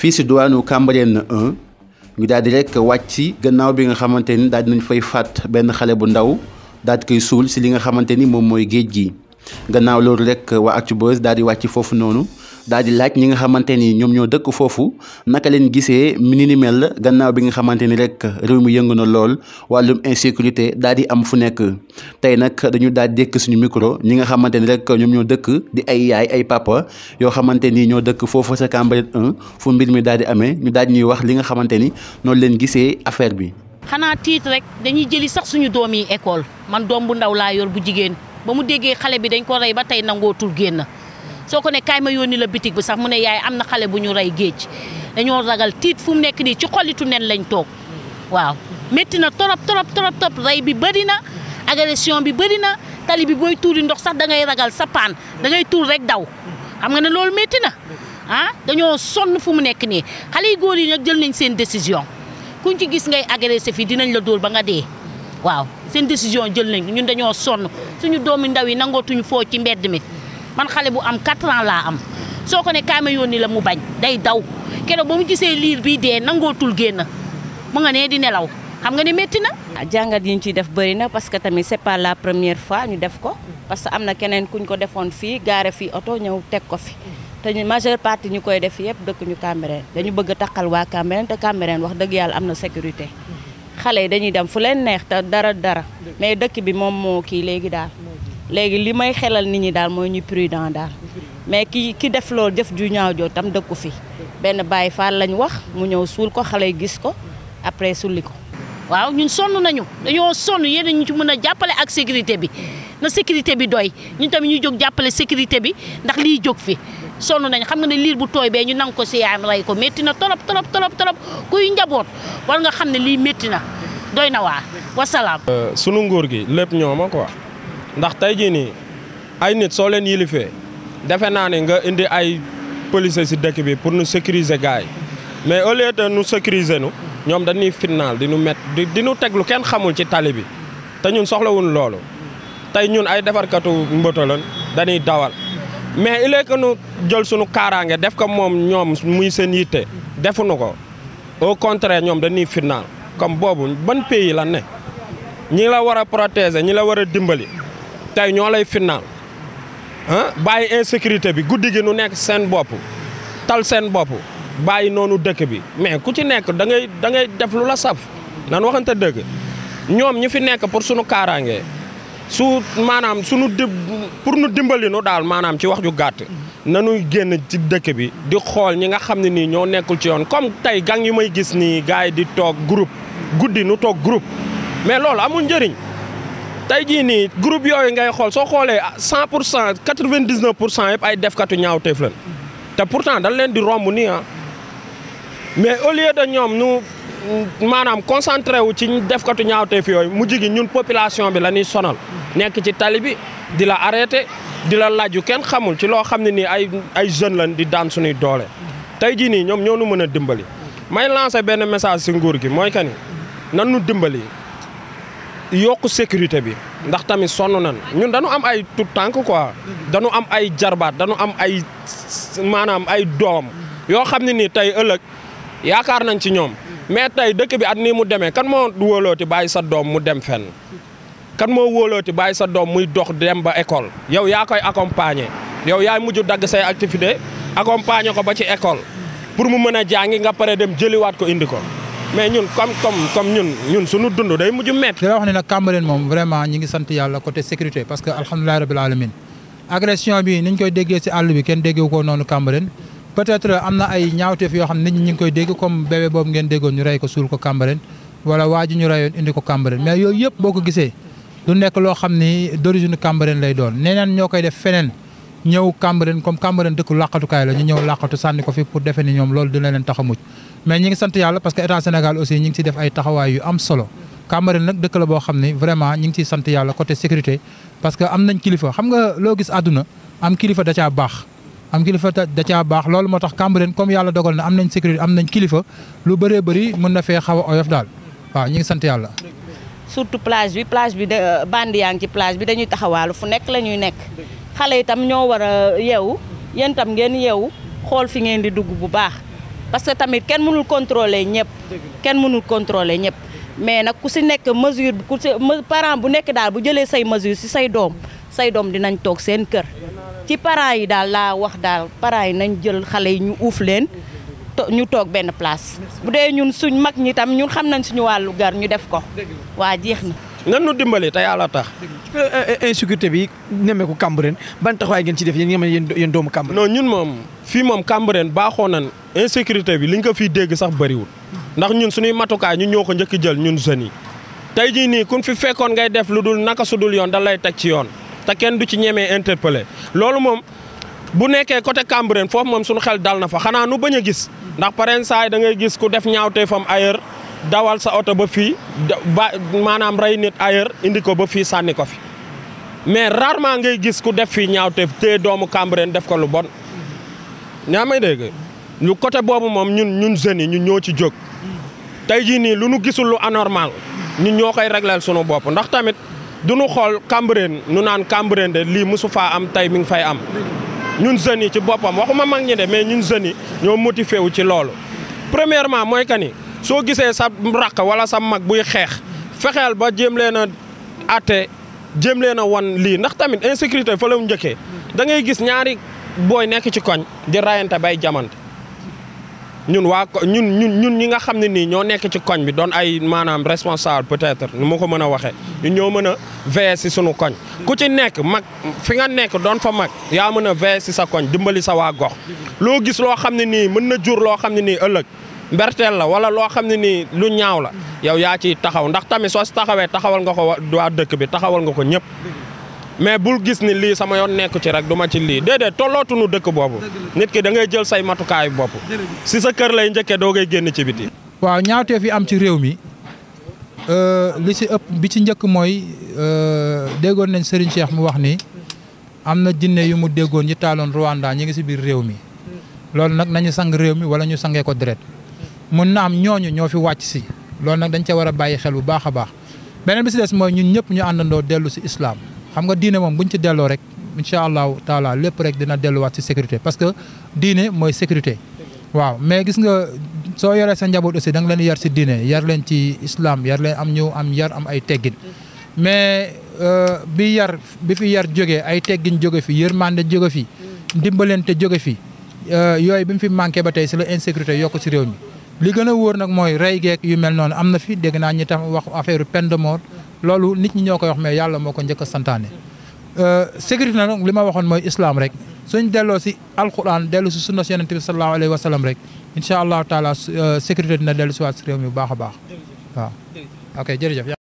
fii si duwaanu Cambérène na 1 ñu daal di rek wàcc gannaaw bi nga xamante ni daal dinañ fay fàtt benn xale bu ndaw daal koy suul si li nga xamante ni moom mooy géej gi gannaaw loolu rek waa Actubuzz daal di wàcc foofu noonu daal di laaj ñi nga xamante ni ñoom ñoo dëkk foofu naka leen gisee ni ni mel gannaaw bi nga xamante ni rek réew mi yëngu na lool wàllum insécurité daal di am fu nekk tey nag dañu daal di dékk suñu micro ñi nga xamante ni rek ñoom ñoo dëkk di ay yaay ay papa yoo xamante ni ñoo dëkk foofu sa Cambérène fu mbir mi daal di amee ñu daal di ñuy wax li nga xamante ni noonu leen gisee affaire bi. xanaa tiit rek dañuy jëli sax suñu doom yi école man doom bu ndaw laa yor bu jigéen ba mu déggee xale bi dañ ko ba tey nangootul génn. soo ko ne kaay ma yónni la bitig bi sax mu ne yaay am na xale bu ñu ray géej dañoo ragal tiit fu mu nekk nii ci xolitu nen lañ toog waaw metti na torop torop torop torop rey bi bëri na agression bi bëri na tali bi booy tuuri ndox sax da ngay ragal sa paan da ngay tuur rek daw xam nga ne loolu métti na ah dañoo sonn fu mu nekk nii xale yu góor yi nag jël nañ seen décision kuñ ci gis ngay agressé fii dinañ la door ba nga dee waaw seen décision jël nañ ñun dañoo sonn suñu doomi ndaw yi nangootuñu foo ci mbedd mi man xale bu am quatre ans laa am soo ko ne kaay yoon yónni la mu bañ day daw keroog ba mu gisee liir bii dee nangootul génn mu nga nee di nelaw xam nga ne métti na. Ah, jàngat yi ñu ciy def bëri na parce que tamit c'est pas la première fois ñu def ko parce que am na keneen ñu ko defoon fii gaare fii oto ñëw teg ko fi. te ñu majeure partie ñu koy def yëpp dëkkuñu Cambérène dañu bëgg a takkal waa Cambérène te Cambérène wax dëgg yàlla am na sécurité xale yi dañuy dem fu leen neex te dara dara mais dëkk bi moom moo kii léegi daal. léegi li may xelal nit ñi daal mooy ñu prudent daal mais ki ki def lool jëf ju ñaaw joo tam dëkku fi benn Baay Faal lañ wax mu ñëw suul ko xale yi gis ko après sulli ko. waaw ñun sonn nañu dañoo sonn yéen ñu ci mën a jàppale ak sécurité bi na sécurité bi doy ñun tamit ñu jóg jàppale sécurité bi ndax liy jóg fi sonn nañ xam nga ne liir bu tooy bee ñu nang ko si yaayam rey ko métti na torop torop torop torop kuy njaboot war nga xam ne lii métti na doy na waa wasalaam. Euh, sunu nguur gi lépp ñooma wax ndax tey jii nii ay nit soo leen yilifee defe naa ne nga indi ay police si dëkk bi pour nu sécuriser gars yi mais au lieu de nu sécuriser nu ñoom dañuy fitnaal di nu met di nu teg kenn xamul ci tali bi te ñun soxlawuñ loolu tey ñun ay defarkatu mboto lañ dañuy dawal mais il est suñu kaaraange def ko moom ñoom muy seen yitte defuñu ko au contraire ñoom dañuy fitnaal comme boobu ban pays la ne ñii la war a protéger ñi la war a dimbali. tey ñoo lay final ah bàyyi insécurité bi guddi gi nu nekk seen bopp tal seen bopp bàyyi noonu dëkk bi mais ku ci nekk da ngay da ngay def lu la saf nan waxante dëgg ñoom ñi fi nekk pour suñu kaaraange su maanaam suñu di pour nu dimbali nu daal maanaam ci wax ju gàtt nanuy génn ci dëkk bi di xool ñi nga xam ne nii ñoo nekkul ci yoon comme tey gang yi may gis ni gars yi di toog groupe guddi nu toog groupe mais loolu amul njëriñ tey jii nii groupe yooyu ngay xool soo xoolee cent pour cent quatre vingt dix neuf pour cent yëpp ay defkatu ñaawteef lan te pourtant dañ leen di romb nii ah mais au lieu de ñoom ñu maanaam concentré wu ci defkatu ñaawteef yooyu mu jigi ñun population bi la ñuy sonal nekk ci tali bi di la arrêté di la laaj yu kenn xamul ci loo xam ne nii ay ay jeunes lan di daan suñuy doole tey jii nii ñoom ñoo nu mën a dimbali may lancé benn message si nguur gi mooy que ni nan nu dimbali yokk sécurité bi ndax tamit sonn nan ñun dañu am ay tout tànk quoi am ay jarbaat dañu am ay maanaam ay doom yoo xam ne nii tey ëllëg yaakaar nañ ci ñoom mais tey dëkk bi at nii mu demee kan moo wóolooti bàyyi sa doom mu dem fenn kan moo wóolooti bàyyi sa doom muy dox dem ba école yow yaa koy accompagner yow yaay mujj dagg say activité accompagner ko ba ci école pour mu mën a jàngi nga pare dem jëliwaat ko indi ko mais ñun comme comme comme ñun ñun dund day mujj metti. di la wax ne na Cambérène moom vraiment ñi ngi sant yàlla côté sécurité parce que alhamdulilah rabil alamin agression bi niñ koy déggee si àll bi kenn déggewu ko noonu Cambérène peut-être am na ay ñaawteef yoo xam nit ñi ngi koy dégg comme bébé boobu ngeen déggoon ñu rey ko suul ko Cambérène wala waa ñu reyoon indi ko Cambérène mais yooyu yëpp boo ko gisee du nekk loo xam ni d'origine Cambérène lay doon neneen ñoo koy def feneen ñëw Cambérène comme Cambérène dëkk làqatukaay la ñu ñëw làqatu sànni ko fi pour defee ni ñoom loolu dina leen tax mais ñi ngi sant yàlla parce que état Sénégal aussi ñi ngi ciy def ay taxawaay am solo Cambérène nag dëkk la boo xam ne vraiment ñi ngi ciy sant yàlla côté sécurité parce que am nañ kilifa xam nga loo gis àdduna am kilifa da caa baax am kilifa da caa baax loolu moo tax Cambérène comme yàlla dogal na am nañ sécurité am nañ kilifa lu bëree bëri mën na fee xaw a oyof daal waaw ñi ngi sant yàlla surtout plage bi plage bi da band yaa ngi ci plage bi dañuy taxawaalu fu nekk la ñuy nekk xale itam ñoo war a yeewu yéen itam ngeen yeewu xool fi ngeen di dugg bu baax parce que tamit kenn mënul contrôler ñëpp. kenn mënul contrôler ñëpp. mais nag ku si nekk mesure ku si parent bu nekk daal bu jëlee say mesure si say doom say doom dinañ toog seen kër ci parent yi daal laa wax daal parents yi nañ jël xale yi ñu uuf leen ñu toog benn place bu dee ñun suñ mag ñi tam ñun xam nañ suñu wàllu gar ñu def ko waa jeex na nan nu dimbali te yàlla tax. Euh, insécurité bi ku Cambérène ban taxawaay ngeen ci def yéen ñi nga yéen doomu Cambérène. non ñun moom fi moom Cambérène baaxoo nan insécurité bi liñ ko fiy dégg sax bëriwul ndax ñun suñuy matukaay ñu ñoo ko njëkk jël ñun jeunes yi. tey jii nii kun fi fekkoon ngay def lu dul naka su dul yoon da lay teg ci yoon te kenn du ci ñemee interpellé loolu moom bu nekkee côté Cambérène foofu moom suñu xel dal na fa xanaa nu bañ a gis ndax pareen saa da ngay gis ku def ñaawtee fam ailleurs dawal sa oto ba fii ba maanaam rey nit ailleurs indi ko ba fii sànni ko fi mais rarement ngay gis ku def fii ñaawteef te doomu Cambérène def ko lu bon. ñaa may dégg lu côté boobu moom ñun ñun jeunes yi ñun ñoo ci jóg tey jii nii lu nu gisul lu anormal ñu ñoo koy réglal sunu bopp ndax tamit du nu xool Cambérène nu naan Cambérène de lii mosu faa am tey mi ngi fay am. ñun jeunes yi ci boppam waxuma mag ñi de mais ñun jeunes yi ñoo motivé wu ci loolu premièrement mooy que ni. soo gisee sa raq wala sa mag buy xeex fexeel ba jéem leen a atte jéem leen wan lii ndax tamit insécurité fa la mu njëkkee da gis ñaari booy nekk ci koñ di rayante bay jamante ñun waa ñun ñun ñun ñi nga xam ne nii ñoo nekk ci koñ bi doon ay maanaam responsable peut-être nu ma ko mën a waxee ñun ñoo mën a veiller si sunu koñ ku ci nekk mag fi nga nekk doon fa mag yaa mën a veiller si sa koñ dimbali sa waa gox loo gis loo xam ne nii mën na jur loo xam ne nii ëllëg mberteel la wala loo xam ne nii lu ñaaw la yow yaa ciy taxaw ndax tamit soo si taxawee taxawal nga ko waa dëkk bi taxawal nga ko ñëpp mais bul gis ni lii sama yoon nekku ci rek du ma ci lii déedéet tollootuñu dëkk boobu nit ki dangay jël say matukaayu bopp si sa kër lay njëkkee doo ngay génn ci biti waaw ñaawteef yi am ci réew mi euh, li si ëpp bi ci njëkk mooy euh, déggoon nañ Serigne Cheikh mu wax nii am na jinne yu mu déggoon yi taaloon Rwanda ñi ngi si biir réew mi mm. loolu nag nañu sang réew mi wala ñu sangee ko deret mun na am ñooñu ñoo fi wàcc si loolu nag dañ ca war a bàyyi xel bu baax a baax beneen bi si des mooy ñun ñëpp ñu àndandoo dellu si islaam xam nga diine moom buñ ci delloo rek incha allahu taala lépp rek dina delluwaat si sécurité parce que diine mooy sécurité. waaw mais gis nga soo yoree sa njaboot aussi da nga leen yar si diine yar leen ci islam yar leen am ñëw am yar am ay teggin mais euh, bi yar bi fi yar jógee ay teggin jóge fi yërmande jóge fi ndimbalante jóge fi euh, yooyu bi mu fi manqué ba tey si la insécurité yokk si réew mi. li gën a wóor nag mooy rey geek yu mel noonu am na fi dégg naa ñi tam wax affaire peine de mort loolu nit ñi ñoo koy wax mais yàlla moo ko njëkk a santaane. Euh, sécurité na nag li ma waxoon mooy islam rek suñ delloo si alquran dellu si sunna si yonente bi sallallahu alayhi wa sallam rek incha allahu taala euh, sécurité dina dellu si waat si réew mi baax a baax waaw. ok jërëjëf.